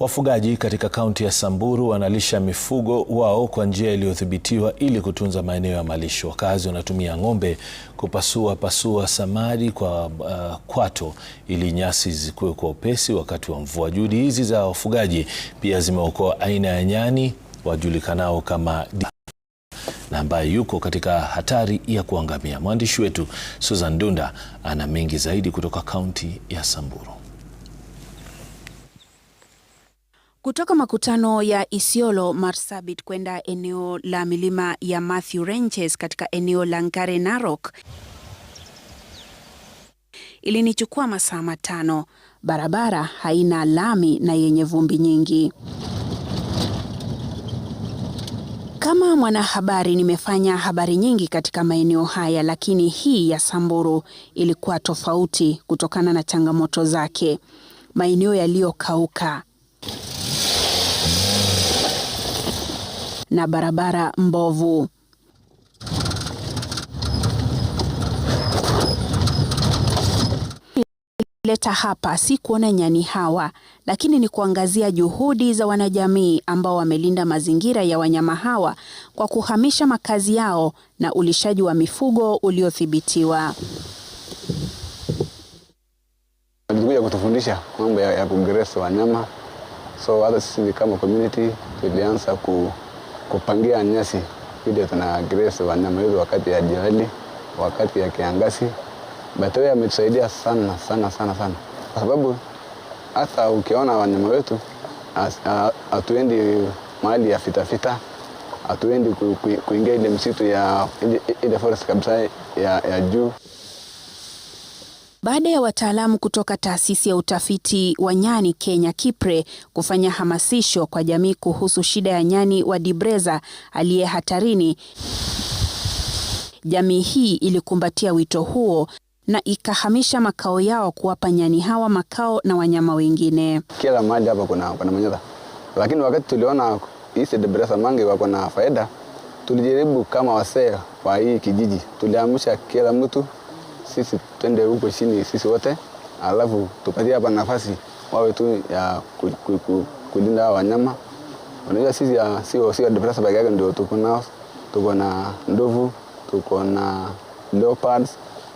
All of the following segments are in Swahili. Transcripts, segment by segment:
Wafugaji katika kaunti ya Samburu wanalisha mifugo wao kwa njia iliyodhibitiwa ili kutunza maeneo ya malisho. Wakazi wanatumia ng'ombe kupasua pasua samadi kwa uh, kwato ili nyasi zikuwe kwa upesi wakati wa mvua. Juhudi hizi za wafugaji pia zimeokoa aina ya nyani wajulikanao kama na ambaye yuko katika hatari ya kuangamia. Mwandishi wetu Susan Dunda ana mengi zaidi kutoka kaunti ya Samburu. Kutoka makutano ya Isiolo Marsabit kwenda eneo la milima ya Matthew Ranges katika eneo la Ngare Narok ilinichukua masaa matano. Barabara haina lami na yenye vumbi nyingi. Kama mwanahabari nimefanya habari nyingi katika maeneo haya, lakini hii ya Samburu ilikuwa tofauti kutokana na changamoto zake. Maeneo yaliyokauka na barabara mbovu. Leta hapa si kuona nyani hawa, lakini ni kuangazia juhudi za wanajamii ambao wamelinda mazingira ya wanyama hawa kwa kuhamisha makazi yao na ulishaji wa mifugo uliothibitiwa. Wamekuja kutufundisha mambo ya, ya kugresi wanyama, so hata sisi kama community tulianza ku kupangia nyasi ili tuna grace wanyama hizo wakati ya jioni, wakati ya kiangazi. Batoya ametusaidia sana sana sana sana, kwa sababu hata ukiona wanyama wetu hatuendi mahali ya fitafita, hatuendi kuingia ile msitu ya ile forest kabisa ya, ya juu. Baada ya wataalamu kutoka taasisi ya utafiti wa nyani Kenya KIPRE kufanya hamasisho kwa jamii kuhusu shida ya nyani wa Dibreza aliye hatarini, jamii hii ilikumbatia wito huo na ikahamisha makao yao kuwapa nyani hawa makao na wanyama wengine. Kila mahali hapa kuna, kuna lakini wakati tuliona hizi Dibreza mange wako na faida, tulijaribu kama wasee wa hii kijiji, tuliamsha kila mtu sisi twende huko chini sisi wote, alafu tupatie hapa nafasi wawe tu ya kulinda hawa wanyama. Unajua sisi sio sio depressa peke yake ndio tuko nao, tuko na ndovu, tuko na leopards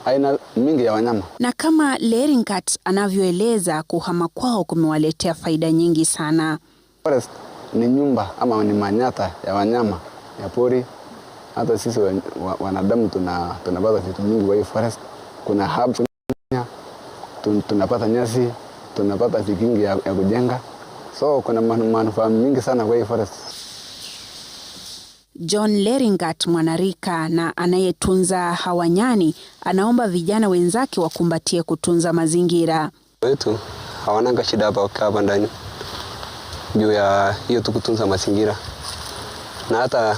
aina mingi ya wanyama. Na kama Leringat anavyoeleza, kuhama kwao kumewaletea faida nyingi sana. Forest ni nyumba ama ni manyata ya wanyama ya pori. Hata sisi wanadamu tuna tunapata vitu mingi kwa hiyo forest kuna hubs tunapata nyasi, tunapata vikingi ya, ya kujenga, so kuna manufaa mingi sana kwa hii forest. John Leringat, mwanarika na anayetunza hawanyani, anaomba vijana wenzake wakumbatie kutunza mazingira. Wetu hawananga shida hapa wakaa hapa ndani juu ya hiyo tu kutunza mazingira, na hata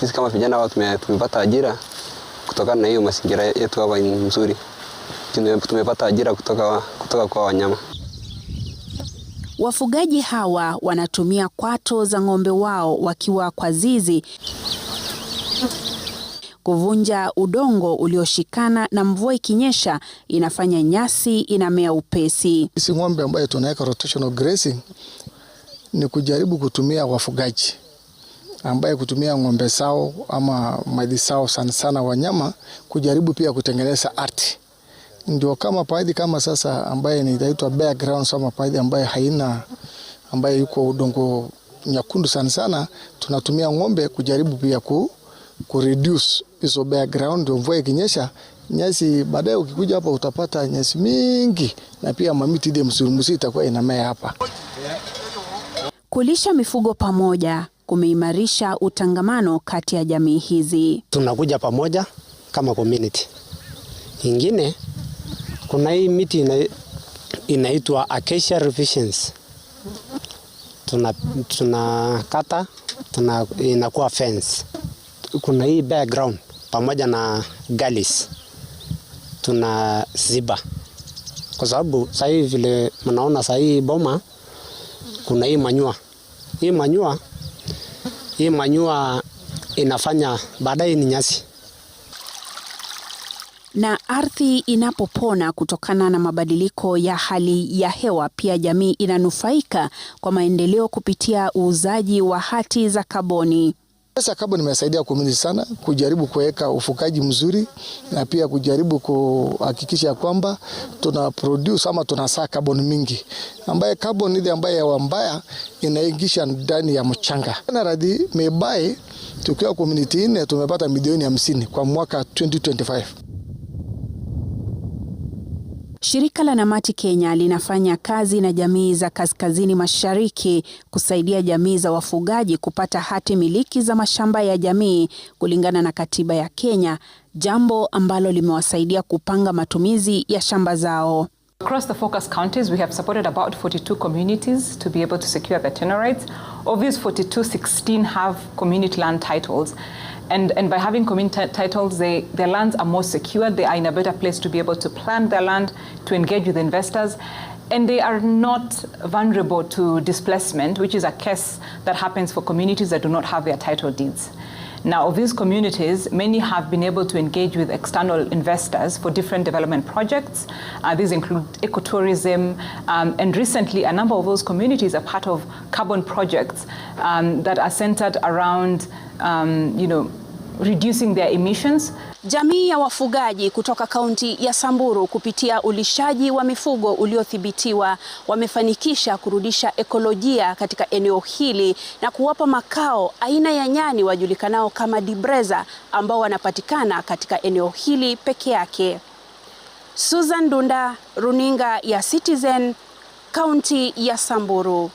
sisi kama vijana wao tumepata ajira kutokana na hiyo mazingira yetu hapa nzuri tumepata ajira kutoka, kutoka kwa wanyama. Wafugaji hawa wanatumia kwato za ng'ombe wao wakiwa kwa zizi kuvunja udongo ulioshikana na mvua ikinyesha inafanya nyasi inamea upesi. Sisi ng'ombe ambayo tunaweka rotational grazing ni kujaribu kutumia wafugaji ambaye kutumia ng'ombe zao ama maji zao sana sana wanyama kujaribu pia kutengeneza arti ndio kama paadhi kama sasa ambaye inaitwa background sama paadhi ambaye haina ambaye yuko udongo nyakundu sana sana, tunatumia ng'ombe kujaribu pia ku, ku reduce hizo background, ndio mvua ikinyesha nyasi baadaye, ukikuja hapa utapata nyasi mingi na pia mamiti ile msitu itakuwa inamea hapa. Kulisha mifugo pamoja kumeimarisha utangamano kati ya jamii hizi. Tunakuja pamoja kama community. Ingine kuna hii miti ina, inaitwa acacia revisions. Tuna tunakata tuna, inakuwa fence. Kuna hii background pamoja na galis tuna ziba kwa sababu sahii vile mnaona sahii boma kuna hii manyua, hii manyua hii manyua inafanya baadaye ni nyasi. Na ardhi inapopona kutokana na mabadiliko ya hali ya hewa, pia jamii inanufaika kwa maendeleo kupitia uuzaji wa hati za kaboni. Pesa ya kaboni imesaidia community sana kujaribu kuweka ufukaji mzuri na pia kujaribu kuhakikisha kwamba tuna produce ama tunasaa kaboni mingi, ambaye kaboni ile ambaye hewa mbaya inaingisha ndani ya mchanga. Na radhi mebai tukiwa community nne tumepata milioni hamsini kwa mwaka 2025. Shirika la Namati Kenya linafanya kazi na jamii za kaskazini mashariki kusaidia jamii za wafugaji kupata hati miliki za mashamba ya jamii kulingana na katiba ya Kenya, jambo ambalo limewasaidia kupanga matumizi ya shamba zao. Across the focus counties, we have supported about 42 communities to be able to secure their tenure rights. Of these 42, 16 have community land titles. And, and by having commune titles, they, their lands are more secure, they are in a better place to be able to plan their land, to engage with investors and they are not vulnerable to displacement, which is a case that happens for communities that do not have their title deeds. Now, of these communities, many have been able to engage with external investors for different development projects. Uh, these include ecotourism, um, and recently, a number of those communities are part of carbon projects um, that are centered around, um, you know, reducing their emissions. Jamii ya wafugaji kutoka kaunti ya Samburu kupitia ulishaji wa mifugo uliothibitiwa wamefanikisha kurudisha ekolojia katika eneo hili na kuwapa makao aina ya nyani wajulikanao kama Dibreza ambao wanapatikana katika eneo hili peke yake. Susan Dunda, Runinga ya Citizen, kaunti ya Samburu.